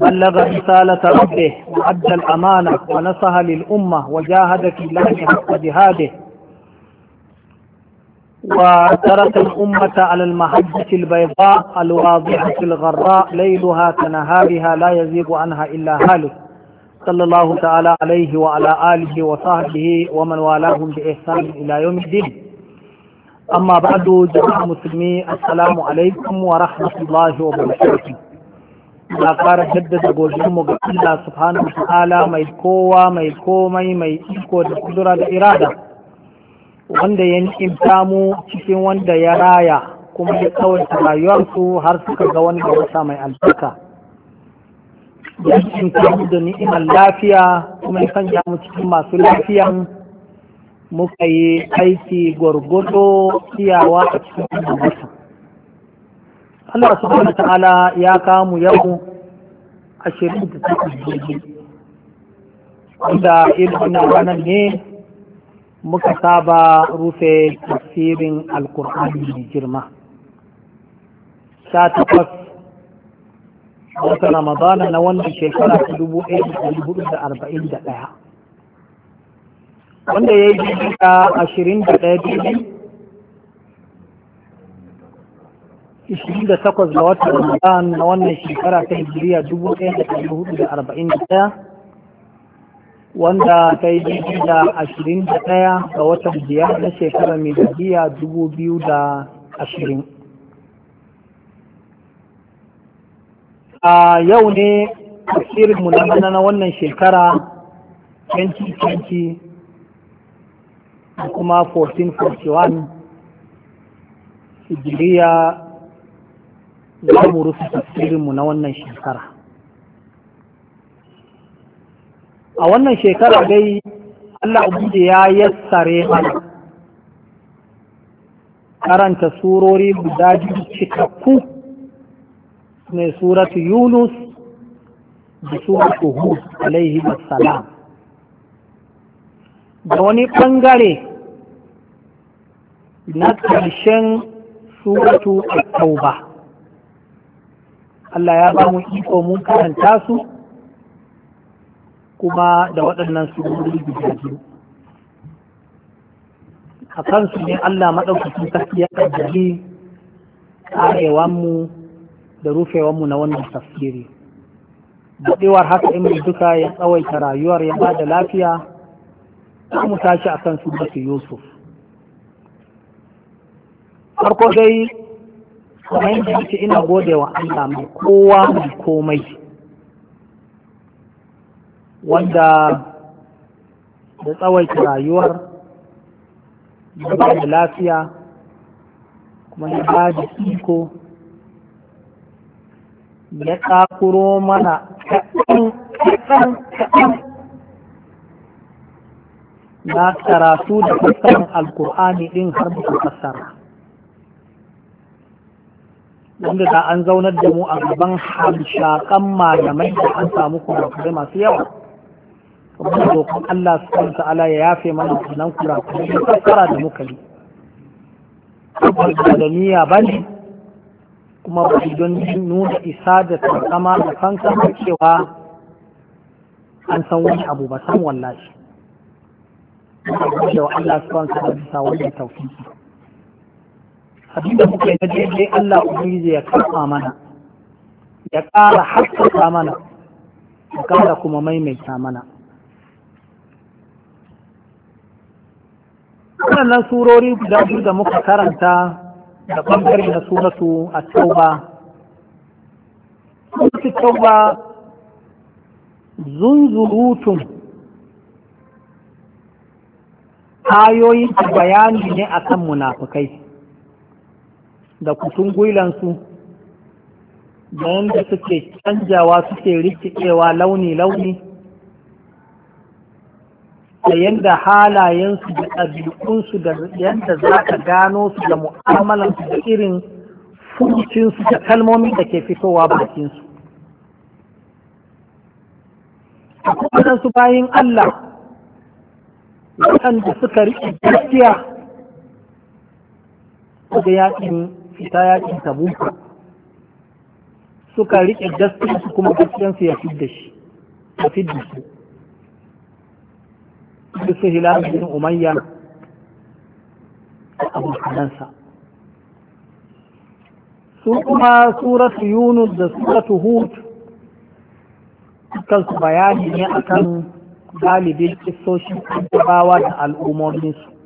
بلغ رسالة ربه وأدى الأمانة ونصح للأمة وجاهد في الله حق جهاده وترك الأمة على المحجة البيضاء الواضحة الغراء ليلها كنهارها لا يزيغ عنها إلا هالك صلى الله تعالى عليه وعلى آله وصحبه ومن والاهم بإحسان إلى يوم الدين أما بعد جميع مسلمي السلام عليكم ورحمة الله وبركاته na fara jaddada mu ga Allah subhanahu wa ta'ala mai kowa mai komai mai iko da kudura da irada wanda ya ni'imta mu cikin wanda ya raya kuma ya rayuwar rayuwarsu har suka ga wani wata mai albarka ya ni'imta mu da ni'imar lafiya kuma ya sanya mu cikin masu lafiyan muka yi aiki gwargwado iyawa a cikin wata Allah subhanahu ta'ala ya kamu yau ashirin da takwas daidai wanda irin ranar ne muka saba rufe tafsirin alkur'ani mai girma sha takwas wata ramadana na wannan shekara ta dubu ɗaya da arba'in da ɗaya wanda ya yi da ashirin da ɗaya daidai 28 ga watan Ramadan na wannan shekara ta Hijiriya 1441 wanda ta yi daidai da ɗaya ga watan biyar na shekarar da ashirin. A yau ne tafsirinmu na bana na wannan shekara 2020 kuma 1441 Hijiriya za mu rufe tafsirinmu na wannan shekara a wannan shekara dai Allah da ya yassare mana karanta surori guda biyu cikakku mai suratu Yunus da suratu Hud alaihi wassalam da wani ɓangare na ƙarshen suratu Tauba. Allah ya ba mu iko mun karanta su kuma da waɗannan su guda biyu a kansu ne Allah maɗaukacin sarki ya ƙaddari ƙarewanmu da rufewanmu na wannan tafsiri daɗewar haka in duka ya tsawaita rayuwar ya ba da lafiya za mu tashi a kan su Yusuf farko dai kamar yadda ce ina gode wa Allah mai kowa mai komai wanda da tsawaita rayuwar da ba da lafiya kuma ya ba da iko ya ƙakuro mana kaɗan kaɗan kaɗan na karatu da fassarar alkur'ani ɗin har da fassara wanda da an zaunar da mu a gaban hamshakan malamai da an samu kurakurai masu yawa kuma roƙon Allah subhanahu ta'ala ya yafe mana wannan kurakurai da kakara da muka yi saboda da niyya ne kuma ba don nuna isa da tsama da fanka da cewa an san wani abu ba san wallahi Allah subhanahu ta'ala bisa wannan tawfiki abinda muka yi daidai Allah ubangiji ya karɓa mana ya ƙara haskaka mana ya ƙara kuma maimaita mana waɗannan surori guda biyu da muka karanta da ɓangare na suratu a tauba suratu tauba zunzurutun ayoyin bayani ne akan munafukai da kusun gwilansu da yadda suke canjawa suke rikicewa launi-launi da yadda halayensu da ɗabi'unsu da yadda za ka gano su da mu'amalansu da irin furucinsu da kalmomi da ke fitowa bakinsu a kuma su bayin Allah waɗanda suka riƙe gaskiya da yaƙin fita yakin tabuka suka riƙe gaskiya su kuma gaskiyansu ya fidda shi ya fidda su da su hilal bin umayya da abokanansa su kuma suratu yunus da suratu hud kansu bayani ne akan galibin kistoshin annabawa da al'ummominsu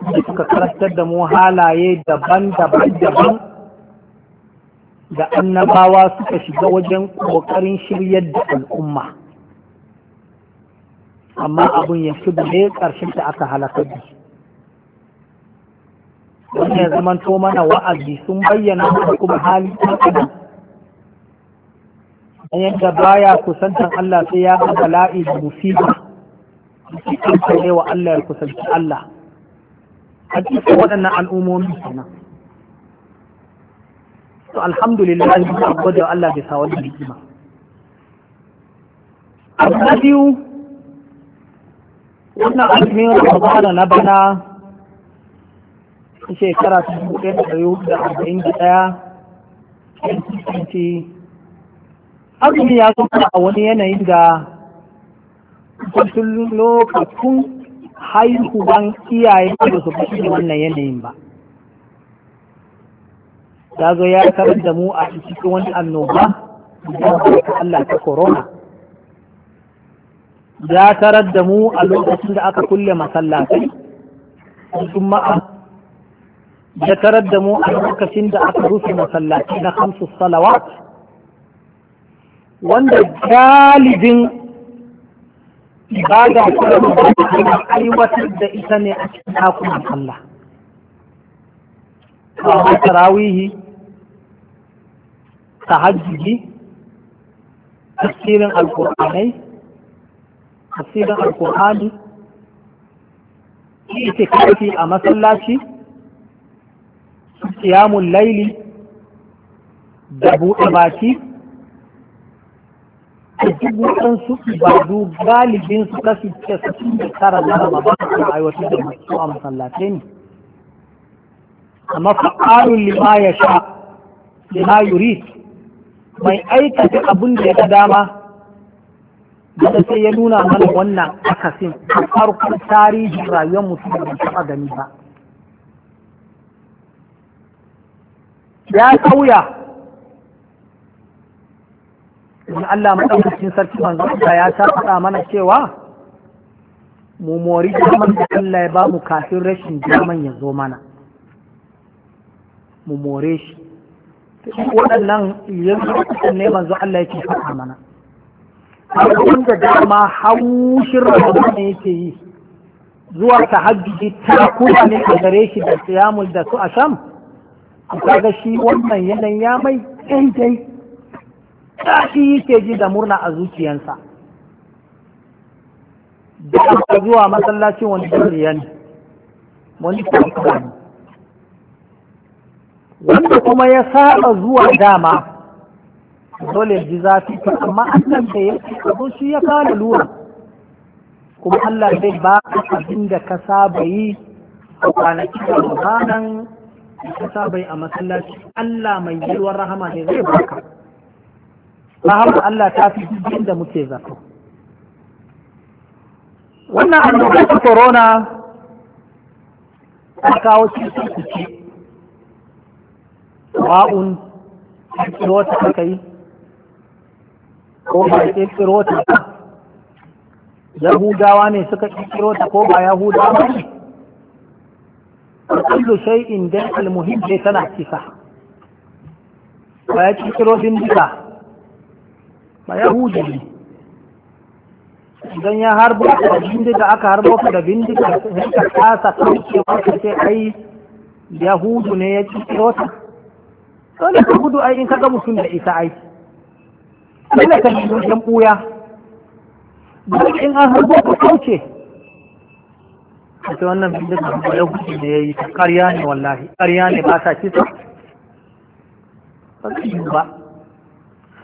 da suka karantar da mu halaye daban-daban-daban da annabawa suka shiga wajen ƙoƙarin shiryar da al'umma amma abin ya fi ne ƙarshen da aka halakar da shi ya zamanto mana wa'azi sun bayyana da kuma halin ɗan yadda baya kusantan Allah sai ya ga bala'i da musiba da wa Allah ya kusanci Allah a waɗannan al'ummomi kenan to alhamdulillah mun gode Allah bisa wannan ni'ima abu na biyu wannan azumin Ramadan na bana shekara ta dubu ɗaya da ɗari da arba'in da ɗaya azumi ya zo a wani yanayin da kusan lokacin Haihu haihuwan iyayen da su fi wannan yanayin ba ta zo ya karar da mu a cikin wani annoba da Allah ta corona ya tarar da mu a lokacin da aka kulle masallatai juma'a ya tarar da mu a lokacin da aka rufe masallatai na hamsu salawat wanda galibin ibada kuma da aiwatar da ita ne a cikin hakunan Allah kamar tarawihi tahajjiji tafsirin alkur'anai tafsirin alkur'ani ita kafi a masallaci siyamun laili da buɗe baki da duk ba ibadu galibin su kasu ce su da tara ba su a aiwatar da masu a masallatai ne amma fa'alun lima ya sha lima mai aikata abin da ya ga dama da sai ya nuna mana wannan akasin a farkon tarihin rayuwar mutum da taɓa gani ba ya sauya ibn Allah maɗaukacin sarki manzo Allah ya ta faɗa mana cewa mu mori daman da Allah ya ba mu kafin rashin daman ya zo mana mu more shi waɗannan yanzu ne manzo Allah yake faɗa mana abin da dama haushin rabu ne yake yi zuwa ta hajji ta kuma ne a gare shi da siyamul da su a sham ga shi wannan yanayin ya mai daidai daɗi yake ji da murna a zuciyansa da aka zuwa masallacin wani dariya ne wani kwamfuta wanda kuma ya saba zuwa dama dole ji zafi amma Allah da ya kaso shi ya kawo lura kuma Allah zai ba abin da ka saba yi a kwanaki da ranar ka saba yi a masallaci Allah mai yiwuwar rahama ne zai baka. rahamar Allah ta fi duk da muke zato wannan annobar ta corona ta kawo cututtuki wa'un tsiro ta aka yi ko ba a tsiro ta yahudawa ne suka tsiro ta ko ba yahudawa ne kullu shay'in dai al-muhim tana kisa ba ya tsiro din duka ba yahudi ne idan ya harbo da bindiga aka harbo ka da bindiga sai ka kasa kauce ka ce ai yahudu ne ya ci ta dole ka gudu ai in ka ga mutum da ita ai dole ka nemi yan buya duk in an harbo ka kauce ita wannan bindiga ba yahudu ne ya yi ta ƙarya ne wallahi ƙarya ne ba su kisa ba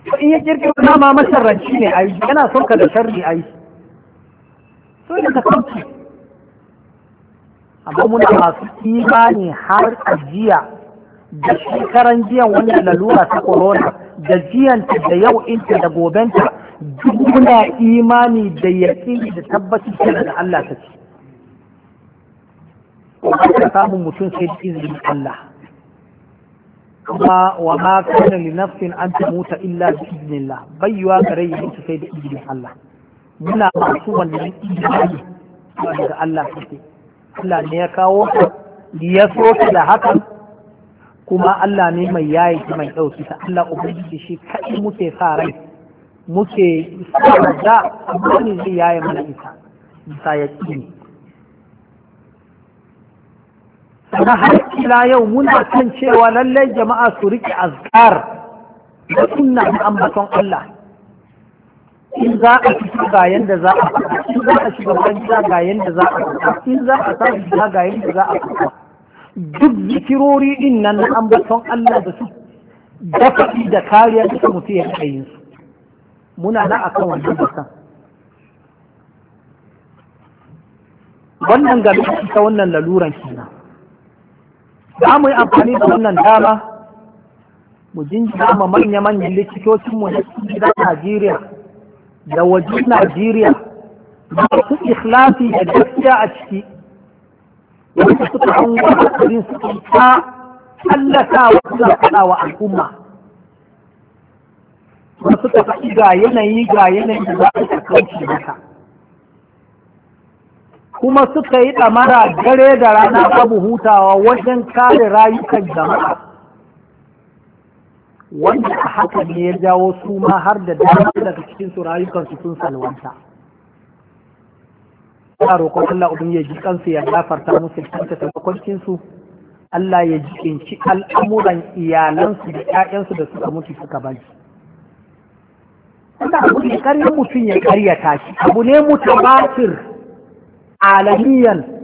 to in ya kirkiro dama ranci ne ai yana son ka da sharri ai so ne ka kauce amma muna masu imani har a jiya da shekaran jiyan wannan lalura ta corona da jiyanta da yau inta da gobenta duk muna imani da yaƙini da tabbaci kenan da Allah ta ce. Ko ka samun mutum sai da izinin Allah. kuma wa ma kana li nafsin an tamuta illa bi idnillah bayyuwa gare yi mutu sai da idnin Allah muna masu wannan idnillah daga Allah take Allah ne ya kawo ya so ta da hakan kuma Allah ne mai yayi mai dauki ta Allah ubangiji shi kai muke sa rai muke sa da abin zai yayi mana ita ya yaqini na har ila yau muna kan cewa lallai jama'a su riƙe azkar da suna na ambaton Allah in za a fito ga yanda za a fita in za a shiga ban gida ga yanda za a fita in za a sa gida ga yanda za a fita duk zikirori din nan na ambaton Allah da su dafaɗi da kariya da mutu ya kai su muna na kan wannan bakan wannan ga ta wannan laluran kenan za mu yi amfani da wannan dama mu jinjina ma manya-manyan likitocinmu na gidan Najeriya da wajen Najeriya masu ikhlasi da gaskiya a ciki wanda suka hango hankalin su ta tallata wa suna faɗa wa al'umma wasu suka faɗi ga yanayi ga yanayi da za a kauce kuma suka yi ɗamara dare da rana babu hutawa wajen kare rayukan jama'a wanda a haka ne ya jawo su ma har da dama daga cikin su rayukansu sun salwanta ina roƙon Allah ubin ya ji kansu ya gafarta musu da kanta tabbakwacin su Allah ya kinci al'amuran iyalansu da ƴaƴansu da suka mutu suka bari Allah abu ne ƙaryar mutum ya ƙaryata shi abu ne mutabatir عالميا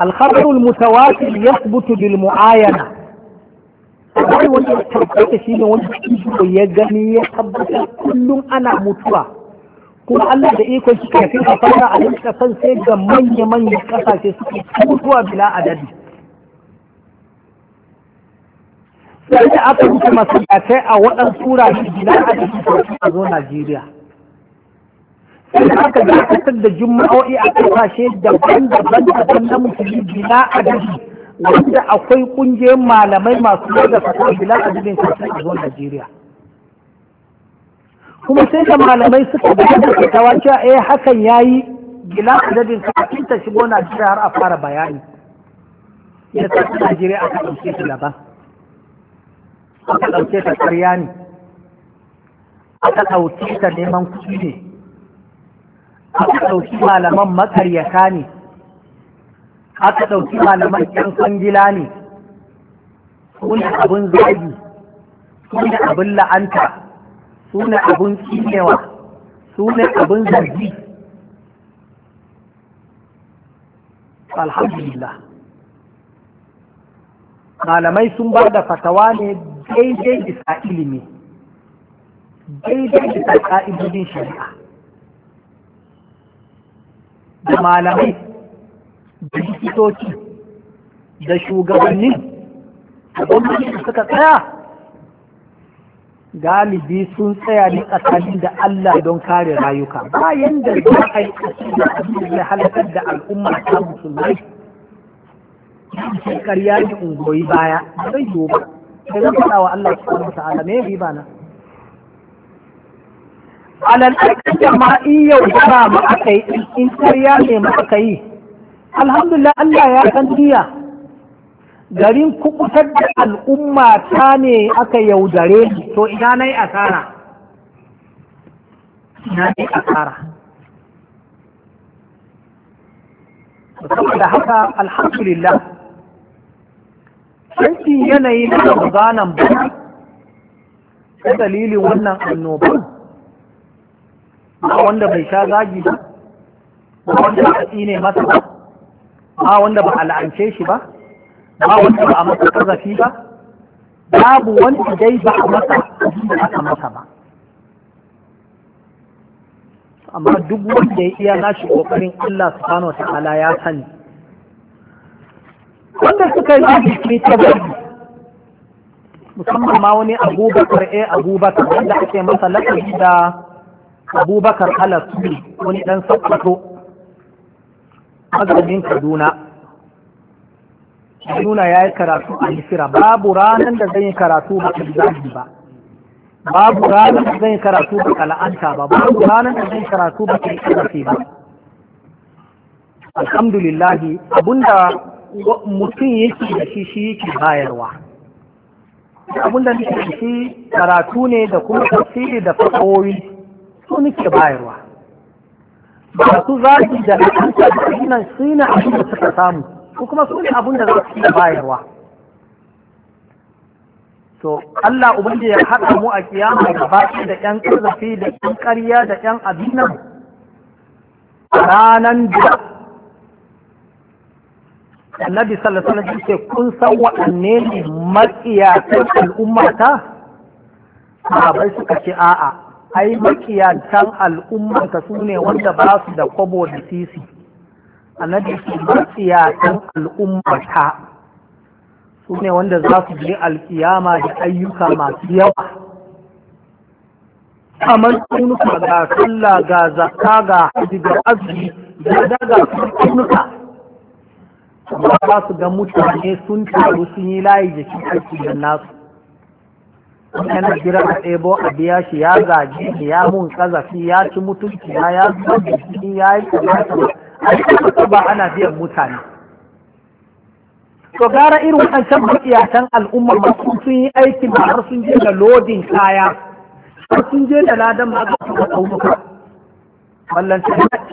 الخبر المتواتر يثبت بالمعاينة sai wanda ya tabbata shi ne wanda iko ya gani ya tabbata kullum ana mutuwa kuma Allah da ikon shi kafin a fara a yanka sai ga manya-manyan kasashe bila sai da aka rufe masallatai a waɗansu wurare bila adadi a zo Najeriya in aka dakatar da juma'o'i a kasashe daban-daban daban na musulmi bila adadi wanda akwai ƙungiyar malamai masu yau da fasa bila adadin sosai a zuwan Najeriya. Kuma sai da malamai suka da yadda fitawa cewa eh hakan ya yi bila adadin kafin ta shigo Najeriya har a fara bayani. Ya sa Najeriya aka ɗauke ta laban. Aka ɗauke ta ƙarya ne. Aka ɗauke ta neman kuɗi ne. aka ɗauki malaman makaryata ne aka ɗauki malaman ƴan kwangila ne Suna abin zagi sune abin la'anta suna abin kinewa suna abin zargi alhamdulillah malamai sun ba da fatawa ne daidai bisa ilimi daidai bisa ƙa'idodin shari'a da malamai da likitoci da shugabanni da gwamnati da suka tsaya galibi sun tsaya ne tsakanin da Allah don kare rayuka bayan da za a yi da ya halakar da al'umma ta musulmai sai ƙarya ne ungoyi baya zai yi ba sai zan faɗa wa Allah su kuma ta'ala me ba na alal aƙida ma in yau ba ma aka yi in karya ne ma aka yi alhamdulillah Allah ya san niyya garin kukutar da al'umma ta ne aka yaudare to ina na yi asara ina na yi asara saboda haka alhamdulillah canjin yanayi na gabanan ba ta dalilin wannan annoban ba wanda bai sha zagi ba ba wanda ba ne masa ba ba wanda ba al'ance shi ba ba wanda ba a masa kazafi ba babu wanda dai ba a masa abin da aka masa ba amma duk wanda ya iya nashi ƙoƙarin Allah subhanahu ta'ala ya sani wanda suka yi jiki ta bari musamman ma wani abubakar A. abubakar wanda ake masa lakabi da abubakar alasuri wani ɗan sakwato mazamin kaduna Kaduna ya yi karatu a misira babu ranar da zan yi karatu ba zahiri ba babu ranar da zan yi karatu ba kala'anta ba babu ranar da zan yi karatu ba kala'anta ba alhamdulillahi abinda mutum yake da shi shi yake bayarwa abinda nake da shi karatu ne da kuma tafsiri da fakawoyi su nake bayarwa ba su zaki da kanta da nan su na abin da suka samu ko kuma su ne abin da za su iya bayarwa to Allah ubangiji ya haɗa mu a kiyama gaba da ƴan ƙarfi da ƴan ƙarya da ƴan abin nan a ranan da annabi sallallahu alaihi wasallam ce kun san waɗanne ne maƙiyatan al'ummata bai suka ce a'a ai makiyantan al'ummanka su ne wanda ba su da kwabo da sisi a na su makiyantan al'ummata su ne wanda za su je alkiyama da ayyuka masu yawa A sunuka ga sallah ga zakka ga haji ga azumi da daga ba su ga mutane sun taru sun yi layi shi aiki da nasu yana jira a ɗebo a biya shi ya gaji shi ya mun kazafi ya ci mutunci ya ya zubi shi ya yi ba a yi ba ana biyan mutane to gara irin waɗancan maƙiyatan al'umma masu sun yi aiki ba har sun je da lodin kaya har sun je da ladan ma su da tsaunuka ce na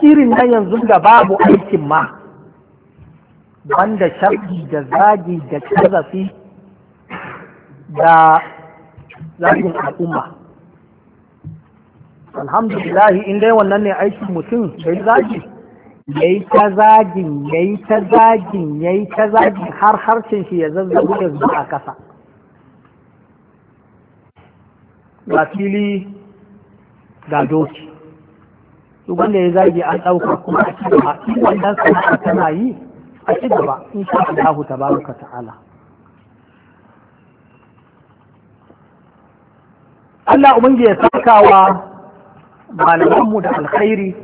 irin na yanzu da babu aikin ma banda shafi da zagi da kazafi da lafiyar al'umma alhamdulillahi in dai wannan ne aikin mutum ya yi zagi ya yi ta zagin ya yi ta zagin ya yi ta zagin har harshen shi ya zazzabu da zuwa a kasa ga fili ga doki duk wanda ya zagi an ɗauka kuma a ci gaba in wannan sana'a tana yi a ci gaba in sha Allah tabaraka ta'ala Allah ubangi ya sakawa malamanmu da alkhairi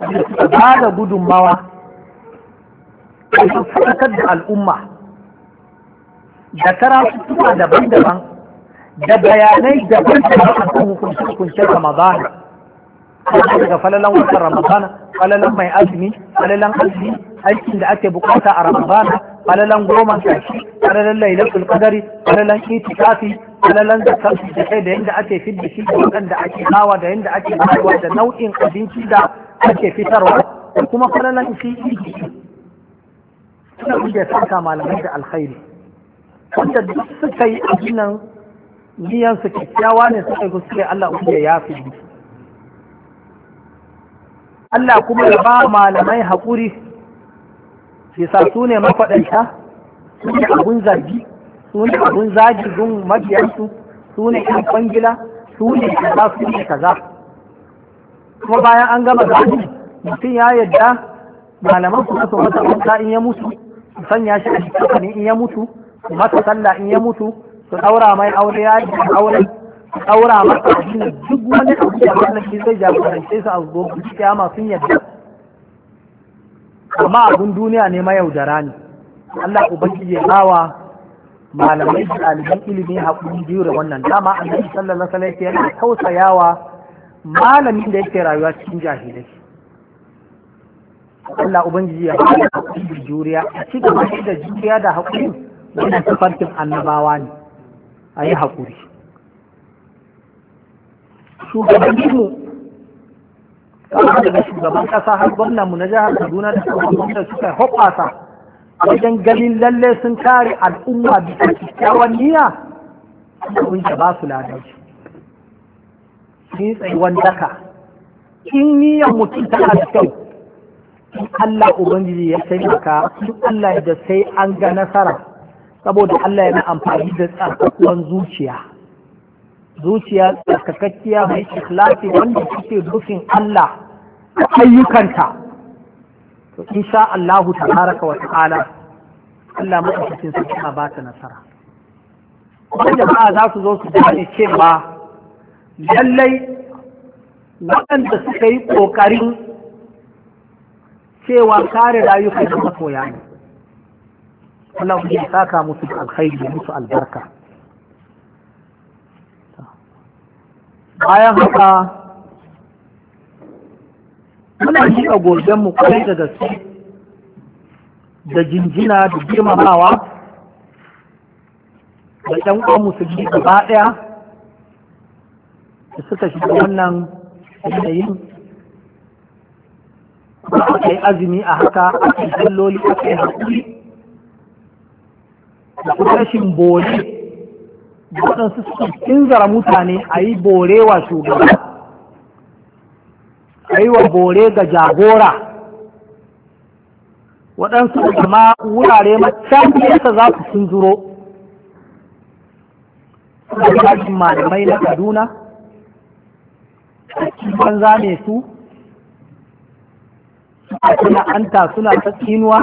da suka ba da gudunmawa da faɗakar da al'umma da karatuttuka daban-daban da bayanai daban-daban a kan hukunce-hukuncen Ramadana daga falalan watan Ramadana falalan mai azumi falalan azumi aikin da ake bukata a Ramadana falalan goma shi. falalan lailatul qadari falalan itikafi falalan da kansu da kai da yanda ake fidda shi da ake hawa da yadda ake bayarwa da nau'in abinci da ake fitarwa da kuma falalan shi suna iya saka malamai da alkhairi wanda duk suka yi abin niyan su kyakkyawa ne suka yi kuskure Allah ya fi Allah kuma ya ba malamai haƙuri bisa su ne mafaɗanta sune abun zargi sune abun zagi don mabiyansu sune ne yan kwangila sune ne kaza su ne kaza kuma bayan an gama zagi mutum ya yadda malaman su masu masa wata in ya mutu su sanya shi a littafin in ya mutu su masa sallah in ya mutu su ɗaura mai aure ya yi aure ɗaura masa addini duk wani abu da mallaki zai jagorance su a gobe kiyama sun yadda amma abun duniya ne mayaudara ne Allah ubangiji ya bawa malamai da ɗaliban ilimi haƙuri biyu da wannan dama annabi sallallahu alaihi wasallam yana tausayawa malamin da yake rayuwa cikin jahilai Allah ubangiji ya bada haƙuri da juriya a ci gaba da juriya da haƙuri wannan tafarkin annabawa ne a yi haƙuri shugabanninmu daga shugaban ƙasa har gwamnanmu na jihar Kaduna da shugaban da suka hoɓasa wajen ganin lalle sun kare al'umma bisa kyakkyawan niyya abin da ba su ladan sun sun tsayuwan daka in niyyar mutum ta kyau in Allah Ubangiji ya maka, in Allah da sai an ga nasara saboda Allah yana amfani da tsarkakuwan zuciya zuciya tsarkakakkiya mai ikhlasi wanda suke rufin Allah ayyukanta to insha Allah tabaraka wa ta'ala Allah madaukakin sarki a ba ta nasara wannan jama'a za su zo su gane cewa lallai waɗanda suka yi ƙoƙarin cewa kare rayuka da masoya ne Allah ya saka musu da alkhairi musu albarka bayan haka muna a goben mu kwarai da gaske da jinjina da girmamawa da ɗan uwan musulmi gaba ɗaya da suka shiga wannan yanayin ba a yi azumi a haka a kai kalloli a yi haƙuri da kuma rashin bore da waɗansu suke inzara mutane a yi borewa shugaba yi wa bore ga jagora waɗansu kuma wurare macen yasa za su sun zuro sashen malamai na kaduna ban zame su suna anta suna ta tsinuwa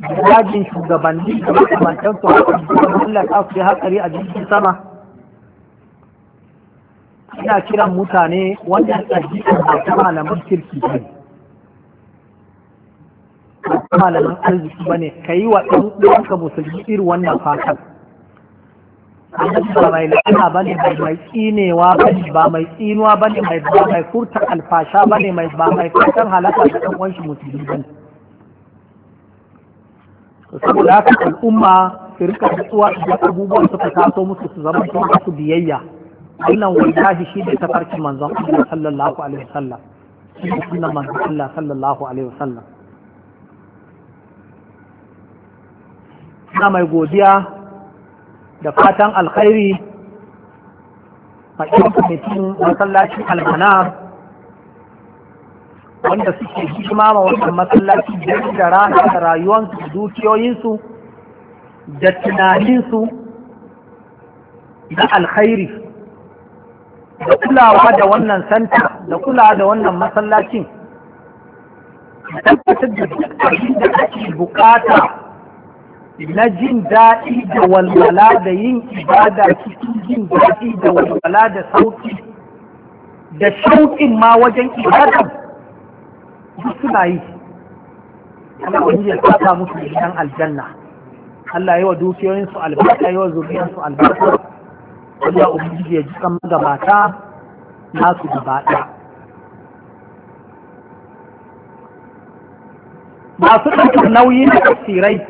da yajin shugabanni da makamantansu a kan su da a jirgin sama ina kiran mutane wannan ɗabi'ar ba a malaman kirki ba ne ba arziki ba ne ka yi wa ɗan ka musulmi irin wannan fatan annabi ba mai la'ana ba ne mai mai tsinewa ba ne ba mai tsinuwa ba ne mai ba mai furta alfasha ba ne mai ba mai fatan halaka da ɗan uwanshi musulmi ba ne saboda haka al'umma su rika nutsuwa da abubuwan suka taso musu su zama su biyayya wannan wallahi shi ne tafarkin manzon Allah sallallahu alaihi wasallam shi ne sunan manzon Allah sallallahu alaihi wasallam na mai godiya da fatan alkhairi a cikin kwamitin masallacin almana wanda suke hikima ma wannan masallaci da rana da rayuwansu da dukiyoyinsu da tunaninsu na alkhairi da kulawa da wannan santa da kulawa da wannan masallacin tabbatar da duk da ake bukata na jin daɗi da walwala da yin ibada cikin jin daɗi da walwala da sauki da shauƙin ma wajen ibada duk suna yi Allah wani ya sata musu gidan aljanna Allah yi wa dukiyoyinsu albarka yi wa zuriyarsu albarka Allah ubangiji ya ji kan magabata nasu gaba ɗaya masu ɗaukar nauyi na tafsirai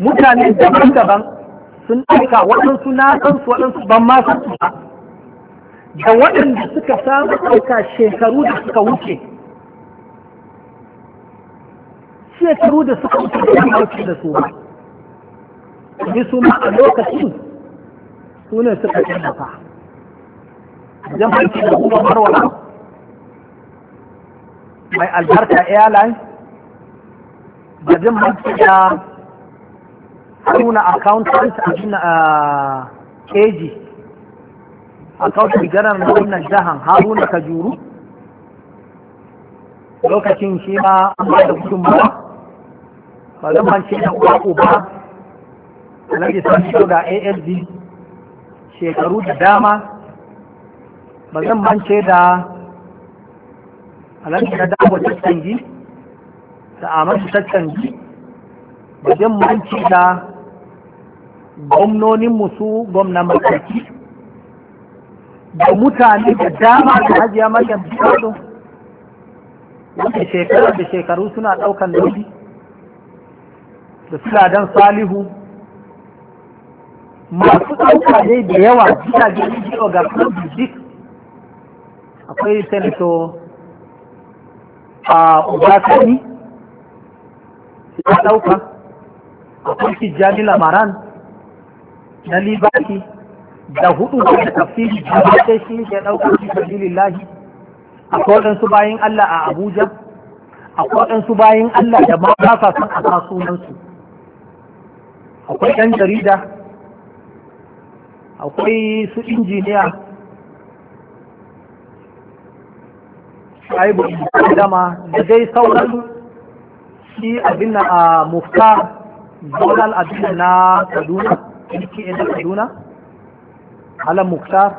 mutane daban-daban sun aika waɗansu na kansu waɗansu ban ma san ba da waɗanda suka samu ɗauka shekaru da suka wuce shekaru da suka wuce da su ba bi su ma a lokacin su ne suka taimaka ce da kuma marwala mai albarka airline ba ce da suna accountant a a keji akawai ganar na wannan jahan haruna Kajuru. lokacin shi ma an ba da gudunmawa ba zan ce da uwa uba alhaji sun yau da asd shekaru da dama ba zan mance da alhaji na dawo tattangi da amadu tattangi ba zan mance da gwamnonin musu gwamna mataki da mutane da dama da hajiya maryam bukado wanda shekaru da shekaru suna ɗaukan nauyi da suladan salihu masu ɗauka dai da yawa jiragen bidiyo ga kuma duk akwai senato a ah, ubakani ya ɗauka akwai Jamila Maran na libaki da hudu da tafsiri da sai shi ke ɗauka shi lahi akwai waɗansu bayan Allah a Abuja akwai waɗansu bayan Allah da ma ba sa son a sa su. akwai ɗan jarida akwai su injiniya shaibu dama da dai sauran shi abin a ah, mufta zonal abin na kaduna ke da kaduna ala Muktar,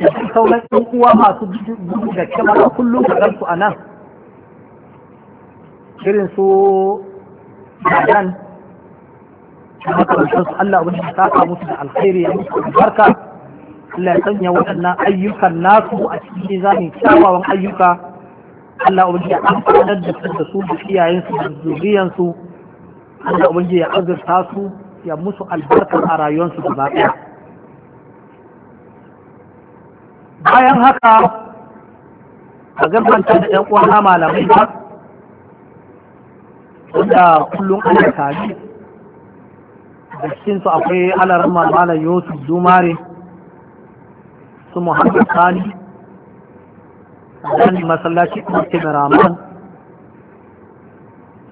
da sauran ɗan uwa masu gudu da kyamara kullum ka su a nan irin su Bayan makarantar su Allah wani ya saka musu da alkhairi ya musu albarka Allah ya sanya waɗannan ayyukan nasu a cikin zamin kyawawan ayyuka Allah wani ya amfanar da su da su da iyayensu da zuriyansu Allah wani ya azurta su ya musu albarka a rayuwarsu gaba ɗaya bayan haka a gabanta da ƴan uwan malamai ba wanda kullum ana tare da cikinsu akwai alarin mamala yusuf dumare su muhammad sani dan masallaci ɗauke da ramon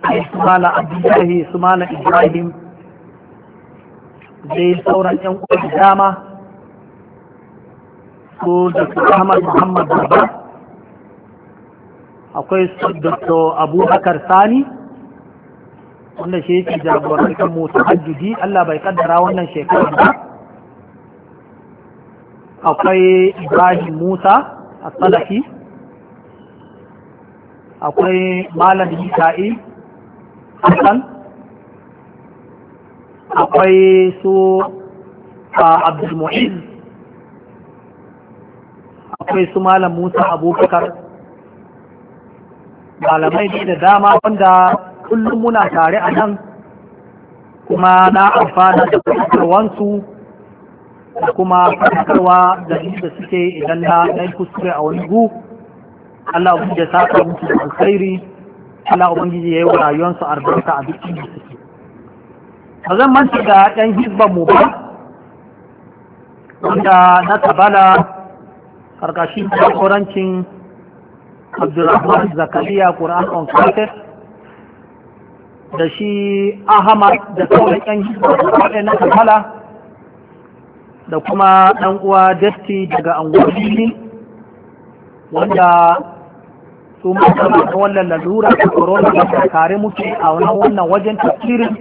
sai su mala abdullahi su mala ibrahim zai sauran yan uwa dama su da su ahmad muhammad babba akwai su dr abubakar sani wanda shi yake jagorantar motsa hajjudi Allah bai kaddara wannan shekaru ba akwai Ibrahim Musa a salafi akwai Malam Isa'i Hassan akwai su a abdulmuhim akwai su Malam Musa Abubakar malamai da dama wanda kullum muna tare a nan kuma na amfana da kusurwansu da kuma fadakarwa da inda suke idan na ɗan kuskure a wani gu Allah ubangiji ya saka musu da alkhairi Allah ubangiji ya yi wa rayuwarsu albarka a duk inda suke ba zan manta da ɗan hizban mu ba wanda na tabala karkashin jagorancin Abdulrahman Zakariya Quran on Carpet da shi ahmad da saurin yan hizba da kamala da kuma ɗan uwa dasti daga anguwar wanda su masana da wannan lalura da corona da kare muke a wannan wajen tafsirin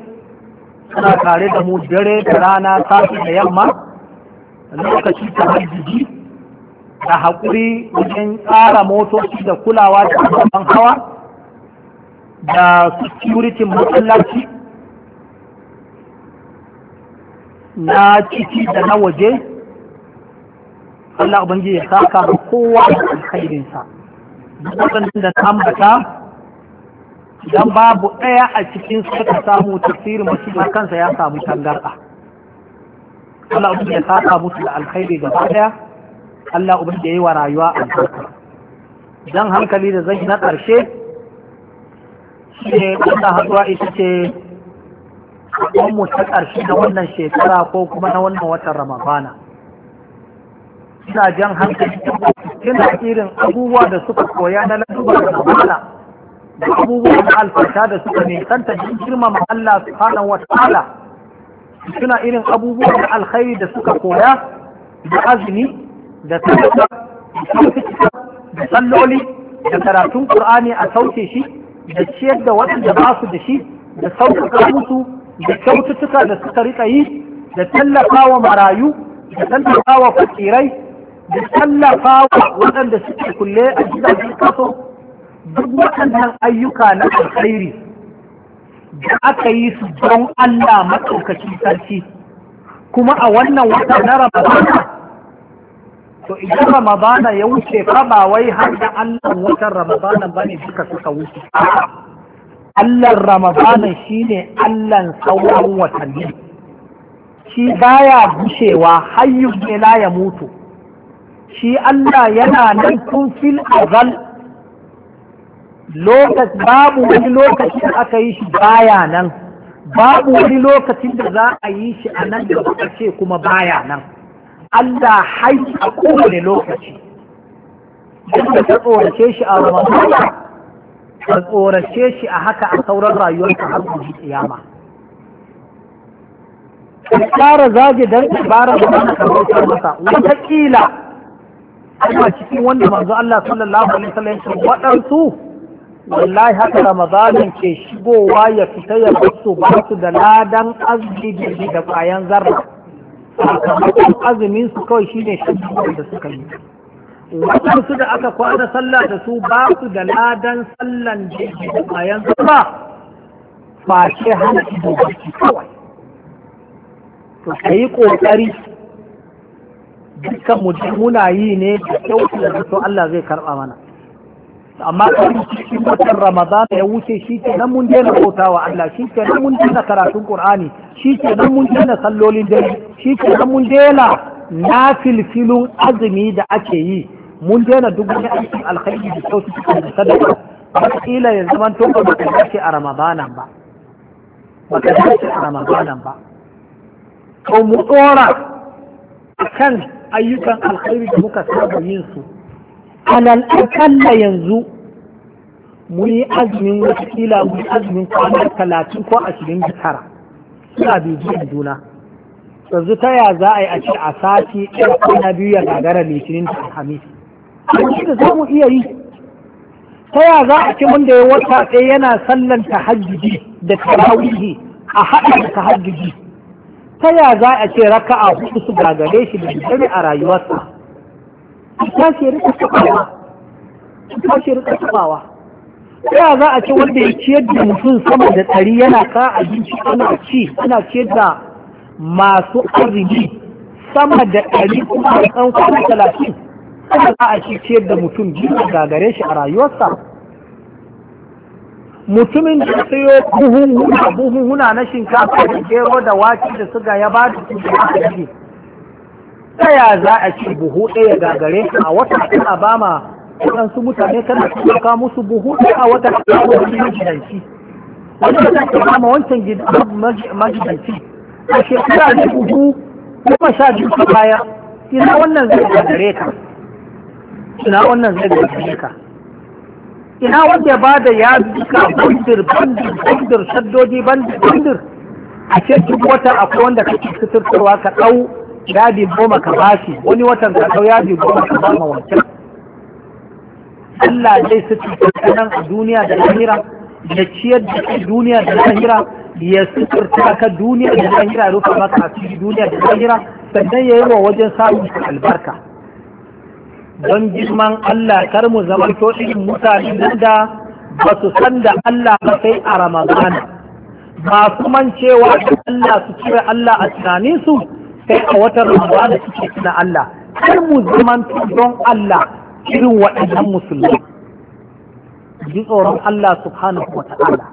suna kare da mu dare da rana safi da yamma lokaci ta hajjiji da haƙuri wajen tsara motoci da kulawa da babban hawa da security masallaci na ciki da na waje Allah Ubangiji ya saka ga kowa da alkhairinsa waɗannan da tambata don babu ɗaya a cikin ka samu tafsirin da kansa ya samu tangarɗa Allah Ubangiji ya saka musu da alkhairi gaba ɗaya Allah Ubangiji ya yi wa rayuwa a albarka dan hankali da zai na ƙarshe shine wanda haɗuwa ita ce mu ta ƙarshe na wannan shekara ko kuma na wannan watan ramadana ina jan hankali ina irin abubuwa da suka koya na laduba da ramadana da abubuwa na alfasha da suka nisanta girma ma Allah subhanahu wa ta'ala suna irin abubuwa na alkhairi da suka koya da azumi da sadaka da salloli da karatun qur'ani a sauke shi da ciyar da waɗanda ba su da shi da sauƙaƙa musu da kyaututtuka da suka riƙa yi da tallafa wa marayu da tallafa wa fakirai da tallafa wa waɗanda suke kulle a gidajen kaso duk waɗannan ayyuka na alkhairi da aka yi su don Allah maɗaukacin sarki kuma a wannan wata na Ramadana to idan ramadana ya wuce fa ba wai har da allah watan ramadana ba ne duka suka wuce allah ramadana shine allah sauran watanni shi baya gushewa hayyu ne ya mutu shi allah yana nan kun fil azal lokaci babu wani lokaci da aka yi shi baya nan babu wani lokacin da za a yi shi a nan da ce kuma baya nan Allah hai a kowane lokaci yadda ka tsorace shi a ramadana ka tsorace shi a haka a sauran rayuwarka har ku ji tsiyama Ta tsara zage don ibara da wani kamar masa wataƙila ana cikin wanda manzo Allah sallallahu alaihi wasallam ya waɗansu wallahi haka ramadanin ke shigowa ya fita ya fito ba su da ladan azumi da kayan zarra sakamakon azumin su kawai shine shakkan da suka yi waɗansu da aka kwana sallah da su ba su da ladan sallan da da bayan yanzu ba fashe hana ido barci kawai to ka yi ƙoƙari dukkan mu muna yi ne da kyau da so Allah zai karɓa mana amma kan cikin watan ramadan ya wuce shi ke nan mun daina kotawa Allah shi ke nan mun daina karatun qur'ani shi ke nan mun daina sallolin dare shi ke nan mun daina filfilun azumi da ake yi mun daina duk wani aikin alkhairi da sauki da sadaka wataƙila ya zama to ba ka dace a ramadanan ba ba ka dace a ramadanan ba to mu tsora kan ayyukan alkhairi da muka saba yin su alal akalla yanzu mu yi azumin watakila mu yi azumin kwana talatin ko ashirin da tara suna a juna yanzu ta ya za a yi a ce a sati ɗaya na biyu ya gagara litinin da alhamis abin da za mu iya yi ta ya za a ce wanda ya wata ɗaya yana sallan tahajjudi da tarawihi a haɗa da tahajjudi ta ya za a ce raka'a hudu su gagare shi da dare a rayuwarsa tashi rika tabawa rika za a ci wanda ya ciyar da mutum sama da ɗari yana ka abinci ana ci ana ciyar da masu arziki sama da ɗari kuma a ɗan kwana talatin ana za a ci ciyar da mutum biyu gagare shi a rayuwarsa mutumin da sayo buhun buhun huna na shinkafa da gero da wake da suga ya ba da su da tsaya za a ci buhu ɗaya gagare a wata kana ba ma waɗansu mutane kana ɗauka musu buhu ɗaya a wata kana ba wani magidanci wani kana ka ba ma wancan magidanci a shekara ne buhu kuma sha biyu ta baya ina wannan zai gagare ka ina wannan zai gagare ka ina wanda ya bada ya duka bandir bandir bandir shaddodi bandir bandir a ce duk wata akwai wanda kake suturtarwa ka ɗau yadi goma ka bashi wani watan ka kau yadi goma ka ba ma wancan Allah zai sutura nan a duniya da lahira ya ciyar da kai duniya da lahira ya sutura ka duniya da lahira rufe maka a cikin duniya da lahira sannan ya yi wa wajen samun albarka don girman Allah kar mu zama to irin mutane da ba su san da Allah ba sai a Ramadana masu mancewa da Allah su cire Allah a tunaninsu kai a watan ramadan da suke na Allah har mu zaman don Allah irin waɗannan musulmi ji tsoron Allah subhanahu wa ta'ala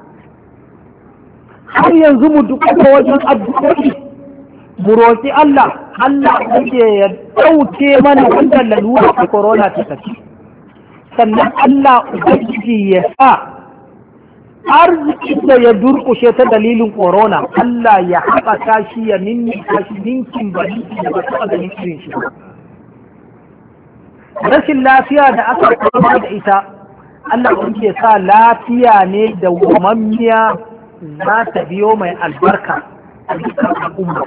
har yanzu mu duka wajen addu'o'i mu roƙi Allah Allah yake ya ɗauke mana wannan lalura ta corona ta tafi sannan Allah ubangiji ya sa arziki da ya durkushe ta dalilin korona, Allah ya haɓaka shi ya nini kashi ninkin bari da ba taɓa ganin irin shi rashin lafiya da aka kama da ita Allah kun ke sa lafiya ne da wamammiya za ta biyo mai albarka a dukkan al'umma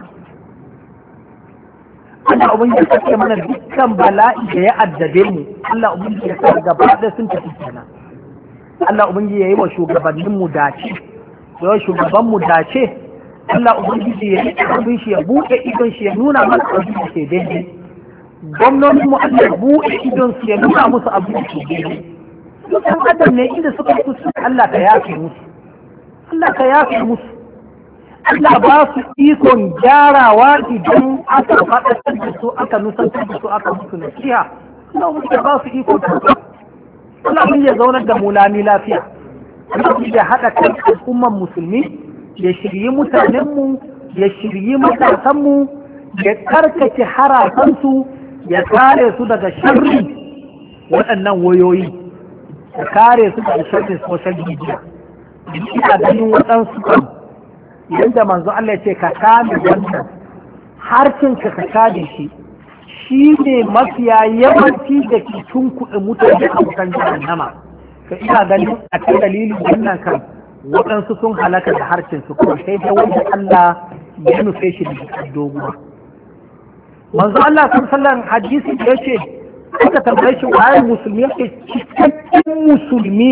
Allah abin ya sake mana dukkan bala'i da ya addabe mu Allah ubin ya sa gaba da sun tafi kenan Allah ubangiji ya yi wa shugabanninmu dace yawan shugabanmu dace Allah ubangiji ya yi abin shi ya buɗe idon shi ya nuna masu abu da ke daidai gwamnonin mu Allah ya buɗe idon su ya nuna musu abu da ke daidai ɗan adam ne inda suka su Allah ka yafe musu Allah ka yafe musu Allah ba su ikon gyarawa idan aka faɗa da su aka nusantar da su aka musu nasiha Allah ba su ikon Allah ya zaunar da mulami lafiya Allah da haɗa kan al'umman musulmi ya shirye mutanenmu ya shirye matasanmu ya karkace harafansu ya kare su daga sharri waɗannan wayoyi ya kare su daga sharrin social media ina ganin waɗansu kan yadda manzo Allah ya ce ka kame wannan ka kame shi shi ne mafiya yawanci da cikin kuɗin mutane a wutan jahannama ka ina ganin a kan dalilin wannan kan waɗansu sun halaka da harshen su kuma sai da wanda Allah ya nufe shi da cikin doguwa manzo Allah sun sallan hadisi ya ce aka tambaye shi wayar musulmi ya ce cikakken musulmi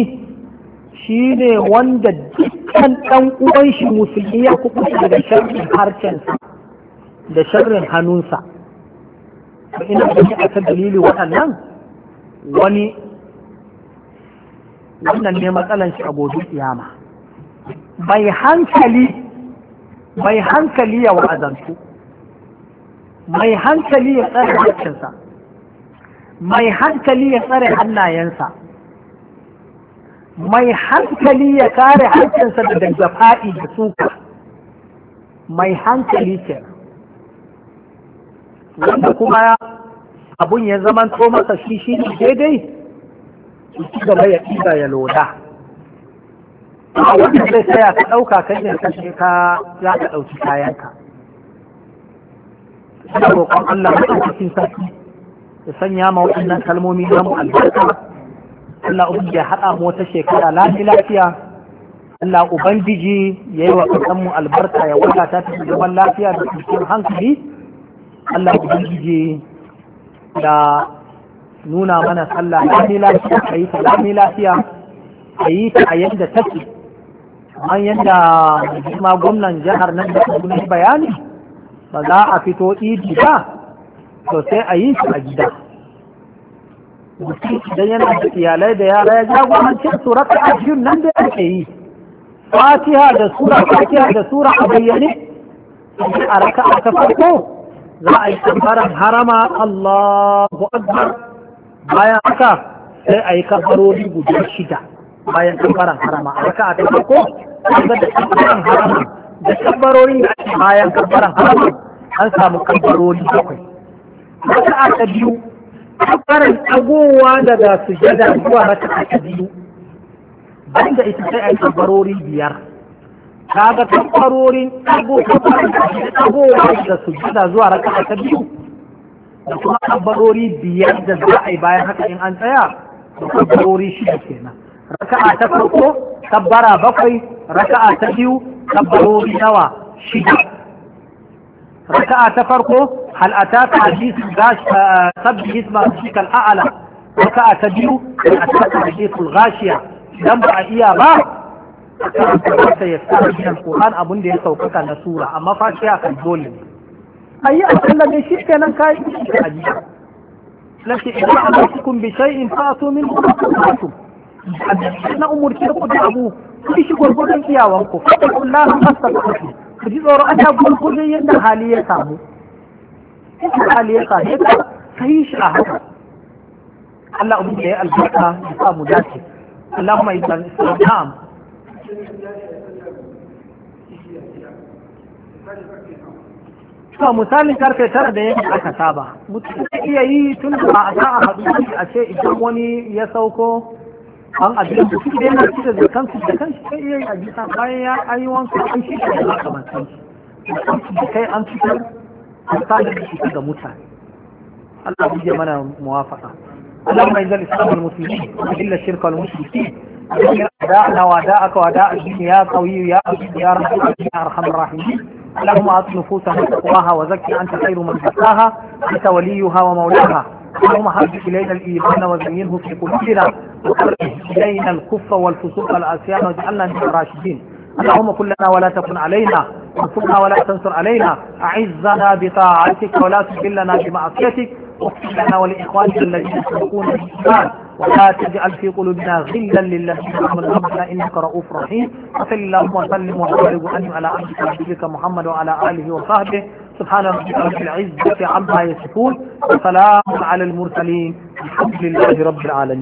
shi ne wanda dukkan ɗan uwan shi musulmi ya kuɓuta daga sharrin harshensa da sharrin hannunsa to ina ganin a kan dalili waɗannan wani wannan ne matsalan shi a gobe kiyama bai hankali mai hankali ya wa'azantu mai hankali ya tsare hankinsa, mai hankali ya tsare hannayensa mai hankali ya kare hankinsa daga jafa'i da suka mai hankali kenan wanda kuma abun ya zama to masa shi shi ne daidai su ci gaba ya ɗiba ya loda a wanda zai tsaya ka ɗauka kan yin kashe ka za ka ɗauki kayanka ina roƙon Allah cikin sarki ya sanya ma waɗannan kalmomi na mu albarka Allah ya haɗa mu wata shekara lafiya lafiya Allah ubangiji ya yi wa ƙasanmu albarka ya wadata ta zaman lafiya da cikin hankali Allah ku ubangiji da nuna mana sallah lami lafiya a yi ta lami lafiya a yi ta a yadda take amma yadda ma gwamnan jihar nan da kuma bayani ba za a fito idi ba to sai a yi ta a gida mutum idan yana da iyalai da yara ya jagorancin su raka a nan da ake yi fatiha da sura fatiha da sura a bayyane a raka a farko za a yi kafaran harama Allahu Akbar bayan haka sai a yi kafarori guda shida bayan kafaran harama a haka a ta farko ga da kafaran harama da kafarorin da ake bayan kafaran harama an samu kafarori bakwai haka a ta biyu kafaran agowa daga sujada zuwa raka a ta biyu banda ita sai a yi kafarori biyar kaga tabbarorin ɗago ɗagowa da sujjada zuwa raka'a ta biyu da kuma tabbarori biyar da za a yi bayan haka in an tsaya da tabbarori shida kenan raka'a ta farko tabbara bakwai raka'a ta biyu tabbarori nawa shida raka'a ta farko hal ataka hadisu gash sabbi isma shikal a'ala raka'a ta biyu hal ataka hadisul gashiya dan ba a iya ba karanta ya tsara biyan Qur'an abin da ya saukaka na sura amma fa shi a kan dole ne. a yi a sallah ne shi kenan kai shi a jiya lafi idan amurkukum bi shay'in fa'atu min qur'anikum na umurki ku da abu ku shi gurgurdan iyawan ku fa kullahu astaghfiru ku ji tsoro ta gurgurdan yadda hali ya samu in hali ya samu yi shi a haka Allah ubi da ya albarka ya samu dace اللهم إذا نعم to misalin karfe tara da yake aka saba mutum zai iya yi tun da a za a haɗu a ce idan wani ya sauko an abin da shi dai na cire da kansu da kansu sai iya yi a bisa bayan ya ayi wanka an shi da ya shi. da kai an fitar a sani da shi ga mutane Allah ya mana muwafaka Allah mai zalisa al-muslimin illa shirka al-muslimin وداعنا وداعك وداع يا قوي يا يا ارحم الراحمين اللهم اعط نفوسنا تقواها وزكي انت خير من زكاها انت وليها ومولاها اللهم حب الينا الايمان وزينه في قلوبنا وكره الينا الكف والفسوق والعصيان واجعلنا من الراشدين اللهم كن لنا ولا تكن علينا وانصرنا ولا تنصر علينا اعزنا بطاعتك ولا تذلنا بمعصيتك واغفر لنا ولاخواننا الذين سبقونا بالايمان ولا تجعل في قلوبنا غلا للذين امنوا ربنا انك رؤوف رحيم وصل اللهم وسلم وبارك وانعم على عبدك ونبيك محمد وعلى اله وصحبه سبحان ربك رب العزه عما يصفون وسلام على المرسلين الحمد لله رب العالمين